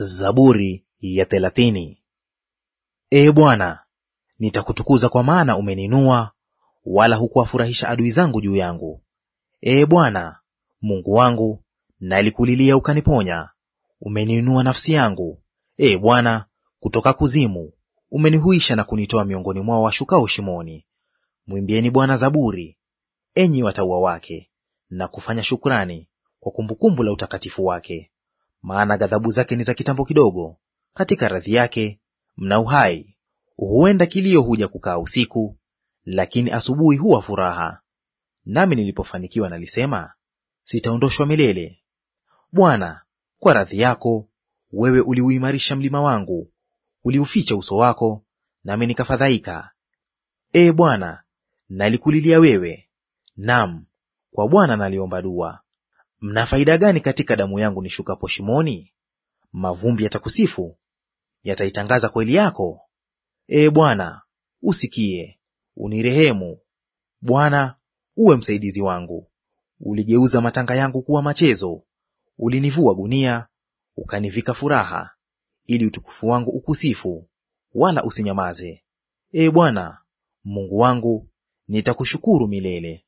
Zaburi ya thelathini. Ee Bwana, nitakutukuza kwa maana umeninua, wala hukuwafurahisha adui zangu juu yangu. Ee Bwana Mungu wangu, nalikulilia ukaniponya. Umeniinua nafsi yangu, ee Bwana, kutoka kuzimu; umenihuisha na kunitoa miongoni mwao washukao shimoni. Mwimbieni Bwana zaburi, enyi watauwa wake, na kufanya shukrani kwa kumbukumbu la utakatifu wake maana ghadhabu zake ni za kitambo kidogo, katika radhi yake mna uhai. Huenda kilio huja kukaa usiku, lakini asubuhi huwa furaha. Nami nilipofanikiwa nalisema, sitaondoshwa milele. Bwana, kwa radhi yako wewe uliuimarisha mlima wangu, uliuficha uso wako, nami nikafadhaika. Ee Bwana, nalikulilia wewe, nam kwa Bwana naliomba dua. Mna faida gani katika damu yangu nishukapo shimoni? Mavumbi yatakusifu, yataitangaza kweli yako. Ee Bwana, usikie, unirehemu. Bwana, uwe msaidizi wangu. Uligeuza matanga yangu kuwa machezo, ulinivua gunia, ukanivika furaha, ili utukufu wangu ukusifu, wala usinyamaze. Ee Bwana Mungu wangu, nitakushukuru milele.